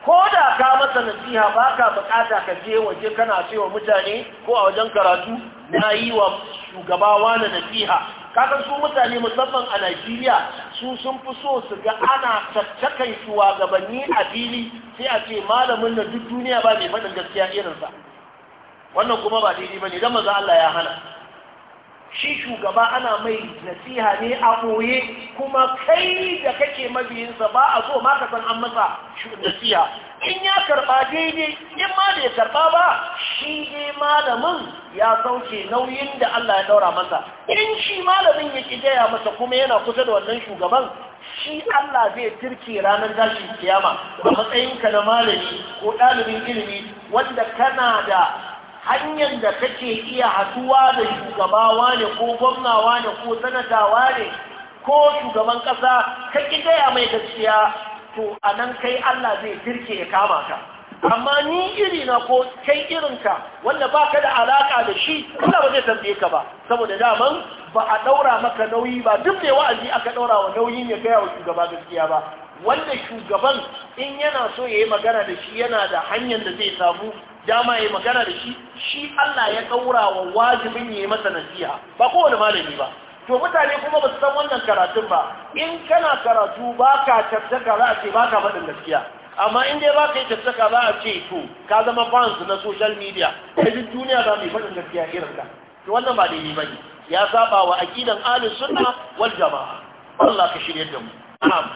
ko da ka masa nasiha ba ka bukata ka je waje kana cewa mutane ko a wajen karatu na yi wa shugabawa na nasiha kakan su mutane musamman a Najeriya su sun fi so su ga ana tattakan gabanni a fili sai a ce malamin na duk duniya ba mai faɗin gaskiya irinsa wannan kuma ba daidai ba ne don maza Allah ya hana shi shugaba ana mai nasiha ne a ɓoye kuma kai da kake mabiyinsa ba a so maka san an masa nasiha in ya karɓa daidai in ma da ya karɓa ba shi dai malamin ya sauke nauyin da Allah ya daura masa in shi malamin ya ƙi gaya masa kuma yana kusa da wannan shugaban shi Allah zai turke ranar gashin kiyama a matsayinka na malami ko ɗalibin ilimi wanda kana da hanyar da kake iya haduwa da shugabawa ne ko gwamnawa ne ko sanatawa ne ko shugaban ƙasa ka ƙi gaya mai gaskiya to a nan kai Allah zai girke ya kama ka amma ni iri na ko kai irinka wanda ba ka da alaƙa da shi kuma ba zai tambaye ka ba saboda daman ba a ɗaura maka nauyi ba duk mai wa'azi aka ɗaura wa nauyi ya gaya wa shugaba gaskiya ba wanda shugaban in yana so ya yi magana da shi yana da hanyar da zai samu dama ya yi magana da shi shi Allah ya ɗaura wa wajibin ya yi masa nasiha ba kowane malami ba to mutane kuma ba su san wannan karatun ba in kana karatu ba ka tattaka za a ce ba ka faɗin gaskiya amma in dai ba ka yi tattaka za a ce to ka zama fans na social media ta duniya za mu yi faɗin gaskiya irin ka to wannan ba daidai ba ne ya saba wa aqidan alin sunna wal jama'a Allah ka shirye da mu na'am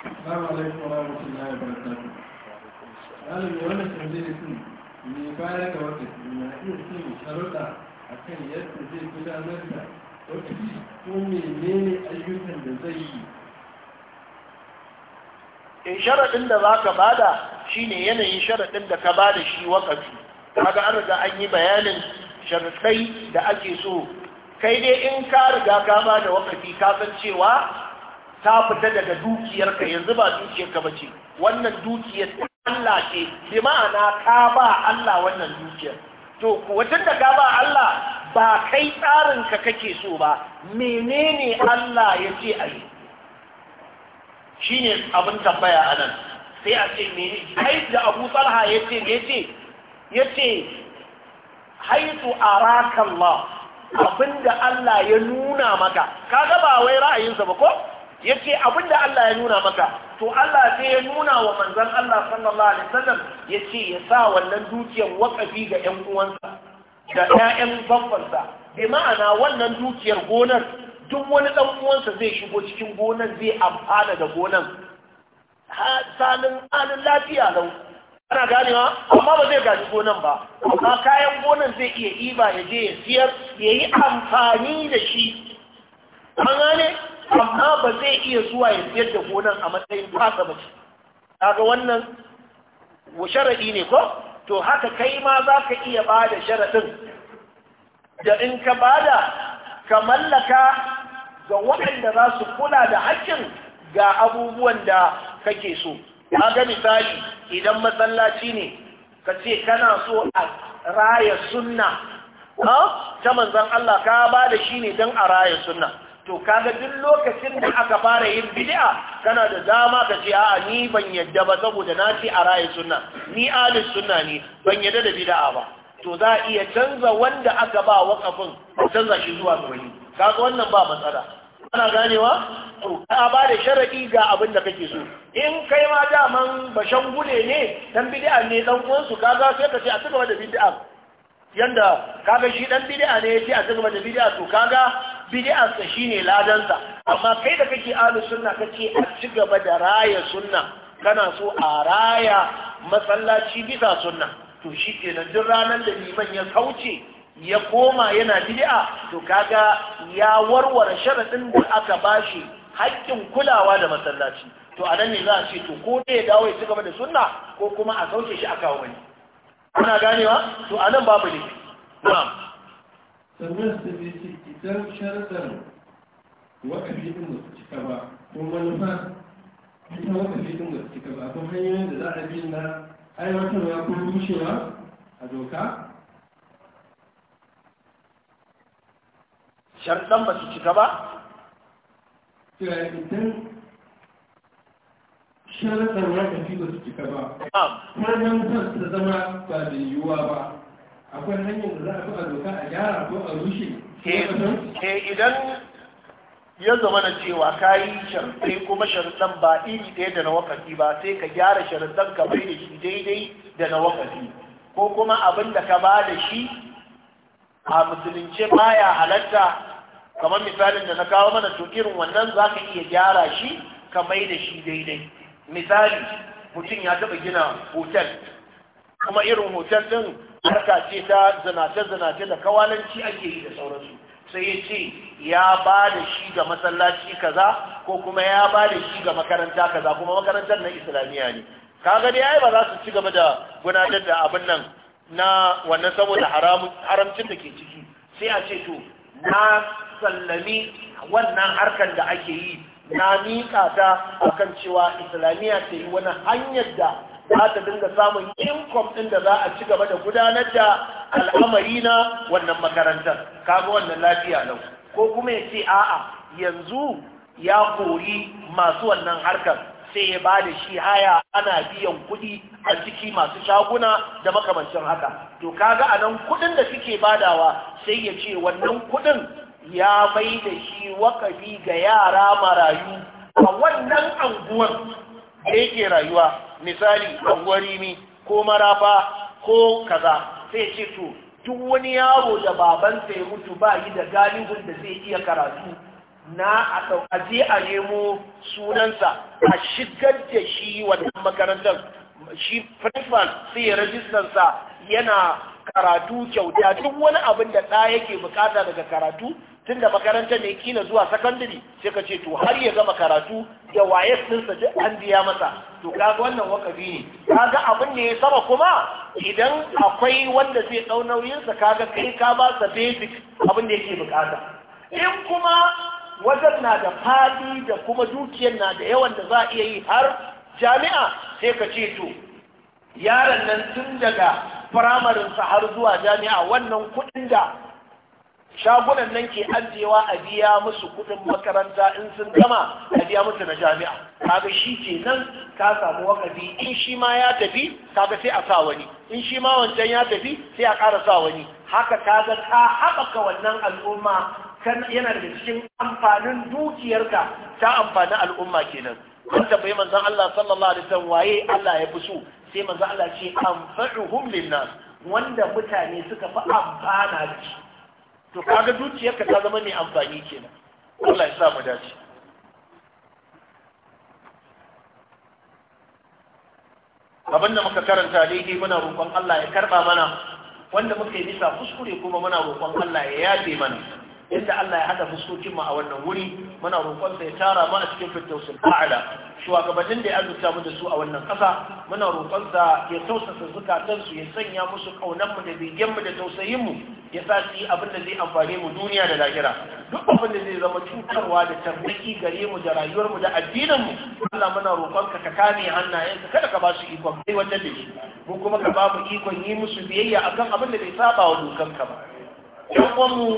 assalamu alaikum wa rahmatullahi wa barakatuh ne baya ga wata na iya cin sharuɗa a kan yadda zai gudanar da wakili ko menene ayyukan da zai yi in eh, sharaɗin da za ka bada shine yanayin sharaɗin da ka bada shi wakafi kaga an riga an yi bayanin sharaɗai da ake so kai dai in ka riga ka bada wakafi ka san cewa ta fita daga dukiyarka yanzu ba dukiyarka ba ce wannan dukiyar Allah ce bi ma'ana ka ba Allah wannan dukiyar to wajen da ka ba Allah ba kai tsarin ka kake so ba menene Allah ya ce a yi shine abin tambaya a nan sai a ce mene Kai da Abu Talha ya ce ya ce ya ce haitu araka Allah abinda Allah ya nuna maka kaga ba wai ra'ayinsa ba ko yace abinda Allah ya nuna maka to Allah sai ya nuna wa manzon Allah sallallahu alaihi wasallam yace ya sa wannan dukiyar wakafi ga 'yan uwansa da 'ya'yan babbansa bi ma'ana wannan dukiyar gonar duk wani dan uwansa zai shigo cikin gonar zai amfana da gonar salin alin lafiya lau ana ganewa amma ba zai gaji gonan ba amma kayan gonan zai iya iba ya je ya siyar ya yi amfani da shi an gane amma ba zai iya zuwa ya siyar da gonan a matsayin fasa ba kaga wannan sharaɗi ne ko to haka kai ma za ka iya ba da sharaɗin da in ka ba da ka mallaka ga waɗanda za su kula da hakkin ga abubuwan da kake so ga misali idan masallaci ne ka ce kana so a raya sunna ta manzan Allah ka ba da shi ne don a raya sunna to kaga duk lokacin da aka fara yin bid'a kana da dama ka ce a'a ni ban yadda ba saboda na ce a ra'ayi sunna ni ahlus sunna ne ban yadda da bid'a ba to za a iya canza wanda aka ba wakafin canza shi zuwa ga wani kaga wannan ba matsala Kana ganewa to ka ba da sharadi ga abin da kake so in kai ma daman bashan ne dan bid'a ne dan uwan su kaga sai ka ce a cigaba da bid'a yanda kaga shi dan bid'a ne yace a cigaba da bid'a to kaga bid'a sa shine ladan sa amma kai da kake ahlus sunna kake a cigaba da raya sunna kana so a raya masallaci bisa sunna to shi kenan duk ranar da liman ya kauce ya koma yana bid'a to kaga ya warware sharadin da aka bashi haƙƙin kulawa da masallaci to anan ne za a ce to ko dai ya dawo ya cigaba da sunna ko kuma a sauke shi a kawo wani kuna ganewa to a nan babu ne na'am sannan su ne ce idan sharadar wakafi din ba su cika ba ko manufa ita wakafi din ba su cika ba ko hanyoyin da za a bi na aiwatarwa ko rushewa a doka sharadan ba su cika ba? idan sharaɗar ya tafi ba cika ba kwanan zan ta zama ba da yiwuwa ba akwai hanyar da za a fi a doka a gyara ko a rushe ke idan ya zama na cewa ka yi sharaɗai kuma sharaɗan ba iri ɗaya da na wakati ba sai ka gyara sharaɗan ka bai da shi daidai da na wakati ko kuma abin da ka ba da shi a musulunce baya halatta kamar misalin da na kawo mana to irin wannan za ka iya gyara shi ka mai da shi daidai misali mutum ya taɓa gina hotel kuma irin hotel ɗin harka ce ta zanace-zanace da kawalanci ake yi da sauransu sai ya ce ya ba da shi ga masallaci kaza ko kuma ya ba da shi ga makaranta kaza kuma makarantar na islamiyya ne kaga dai ai ba za su ci gaba da gudanar da abin nan na wannan saboda haramcin da ke ciki sai a ce to na sallami wannan harkar da ake yi na miƙa ta kan cewa islamiyya ta yi wani hanyar da za ta dinga samun inkom ɗin da za a ci gaba da gudanar da al'amari na wannan makarantar kaga wannan lafiya lau ko kuma ya ce a'a yanzu ya kori masu wannan harkar sai ya ba da shi haya ana biyan kuɗi a ciki masu shaguna da makamancin haka to kaga a nan kuɗin da suke badawa sai ya ce wannan kuɗin ya mai da shi wakafi ga yara marayu a wannan anguwar da yake rayuwa misali anguwar rimi ko marafa ko kaza sai ce to duk wani yaro da babansa ya mutu ba yi da galibin da zai iya karatu na a je a nemo sunansa a shigar da shi wannan makarantar shi principal sai ya rajistansa yana karatu kyauta duk wani abin da ɗaya yake bukata daga karatu tun da makaranta mai kila zuwa sakandari? sai ka ce to har ya gama karatu da waye sa duk an biya masa to kaga wannan wakabi ne kaga abin da ya sama kuma idan akwai wanda zai dau nauyinsa kaga kai ka ba sa basic abin da yake bukata in kuma wajen na da fadi da kuma dukiyar na da yawan da za a iya yi har jami'a sai ka ce to yaron nan tun daga firamarinsa har zuwa jami'a wannan kuɗin da shagunan nan ke ajiyewa a biya musu kuɗin makaranta in sun gama a biya musu na jami'a kaga shi ke nan ka samu wakafi in shi ma ya tafi kaga sai a sa wani in shi ma wancan ya tafi sai a ƙara sa wani haka kaga ka haɓaka wannan al'umma yana da cikin amfanin dukiyarka ta amfanin al'umma kenan an tabbai manzon Allah sallallahu alaihi wasallam waye Allah ya fi so sai manzon Allah ce anfa'uhum linnas wanda mutane suka fi amfana da shi to kaga zuciyarka ta zama mai amfani kenan Allah ya sa mu dace abin da muka karanta daidai muna roƙon Allah ya karɓa mana wanda muka yi bisa kuskure kuma muna roƙon Allah ya yafe mana inda Allah ya hada fuskokin mu a wannan wuri muna roƙon sa ya tara mu a cikin fitausul fa'ala shugabannin da ya azurta mu da su a wannan ƙasa muna roƙon sa ya tausasa zukatan su ya sanya musu kaunan mu da bigen mu da tausayin mu ya sa su yi abin da zai amfane mu duniya da lahira duk abin da zai zama cutarwa da tabbaki gare mu da rayuwar mu da addinin mu Allah muna roƙon ka ka kame hannayen ka kada ka ba su ikon kai da shi mu kuma ka ba mu ikon yi musu biyayya akan abin da bai saba wa dokan ka ba. Yan uwan mu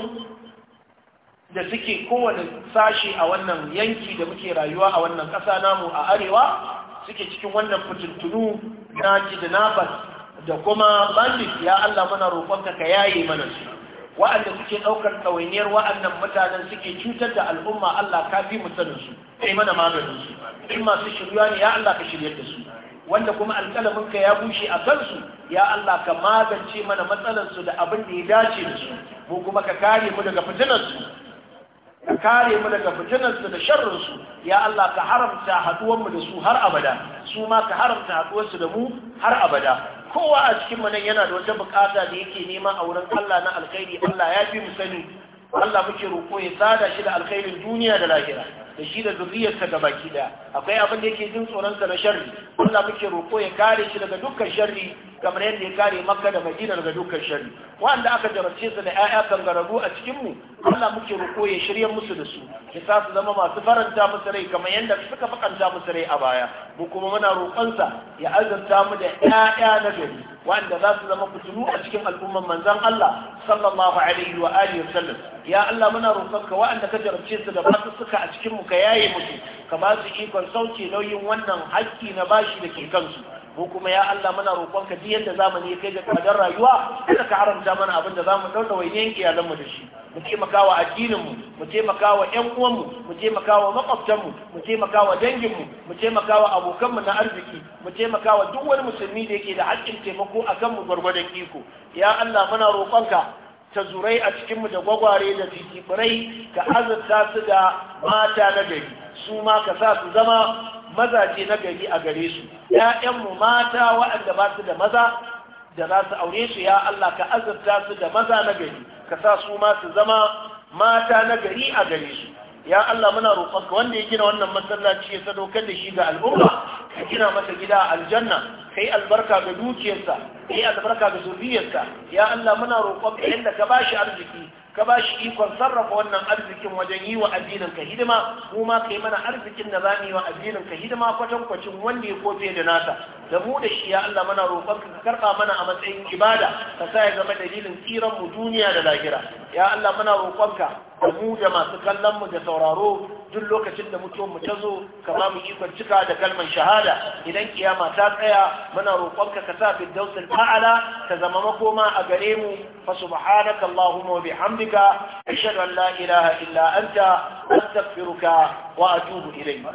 da suke kowane sashi a wannan yanki da muke rayuwa a wannan ƙasa namu a arewa suke cikin wannan fitintunu na kidnappers da kuma bandit ya Allah mana roƙonka ka yaye mana su wa'anda suke ɗaukar ɗawainiyar wa'annan mutanen suke cutar da al'umma Allah ka fi mu sanin su kai mana maganin su in masu shirya ne ya Allah ka shirya da su wanda kuma alƙalamin ka ya bushe a kansu ya Allah ka magance mana matsalar su da abin da ya dace da su mu kuma ka kare mu daga su ka kare mu daga fitinarsu da sharrinsu ya Allah ka haramta haduwanmu da su har abada su ma ka haramta haɗuwarsu da mu har abada kowa a cikin mu nan yana da wata bukata da yake nema a wurin Allah na alkhairi Allah ya fi mu sani Allah muke roƙo ya sada shi da alkhairin duniya da lahira da shi da zuriyarsa ga baki daya akwai abin da yake jin tsoronsa na sharri Allah muke roƙo ya kare shi daga dukkan sharri kamar yadda ya kare Makka da Madina daga dukkan sharri wanda aka jarabce su da ƴaƴa kangararru a cikin mu Allah muke roƙo ya shirya musu da su ya sa su zama masu faranta musu rai kamar yadda suka fakanta musu rai a baya mu kuma muna roƙonsa ya azanta mu da ƴaƴa na gari wanda za su zama kutulu a cikin al'umman manzon Allah sallallahu alaihi wa alihi wasallam ya Allah muna roƙonka wa'anda ka jarabce su da ba su suka a cikin mu ka yaye musu ka ba su ikon sauke nauyin wannan haƙƙi na bashi da ke kansu mu kuma ya Allah muna ka duk da zamani ya kai ga tsadar rayuwa kada ka haramta mana abin da za mu ɗaura ya yanke iyalan mu da shi mu taimaka wa addinin mu mu taimaka wa ƴan uwan mu mu taimaka wa makwabtan mu mu taimaka wa dangin mu mu taimaka wa abokan na arziki mu taimaka wa duk wani musulmi da yake da haƙƙin taimako akan mu gwargwadon iko ya Allah muna roƙonka tazurai a cikinmu da gwagware da titibirai ka azurta su da mata na gari su ma ka sa su zama mazaje na gari a gare su ‘ya'yanmu mata waɗanda ba su da maza da za su aure su ya Allah ka azurta su da maza na gari ka sa su ma su zama mata na gari a gare su ya Allah muna roƙonka wanda ya gina wannan masallaci ya sadaukar da shi ga al'umma ka gina masa gida aljanna kai albarka ga dukiyarsa kai albarka ga zuriyarsa ya Allah muna roƙon ka yanda ka bashi arziki ka bashi ikon sarrafa wannan arzikin wajen yi wa addinin ka hidima mu ma kai mana arzikin da zamu yi wa addinin ka hidima kwatan kwacin wanda ya kofe da nata da mu da shi ya Allah muna roƙon ka karɓa mana a matsayin ibada ka sa ya zama dalilin tsiran mu duniya da lahira ya Allah muna roƙon ka da mu da masu kallon mu da sauraro duk lokacin da mutum mu ta zo kama mu ikon cika da kalmar shahada idan kiyama ta tsaya muna roƙonka ka sa firdaus al-a'la ta zama makoma a gare mu fa subhanaka allahumma wa bihamdika ashhadu an la ilaha illa anta astaghfiruka wa atubu ilayk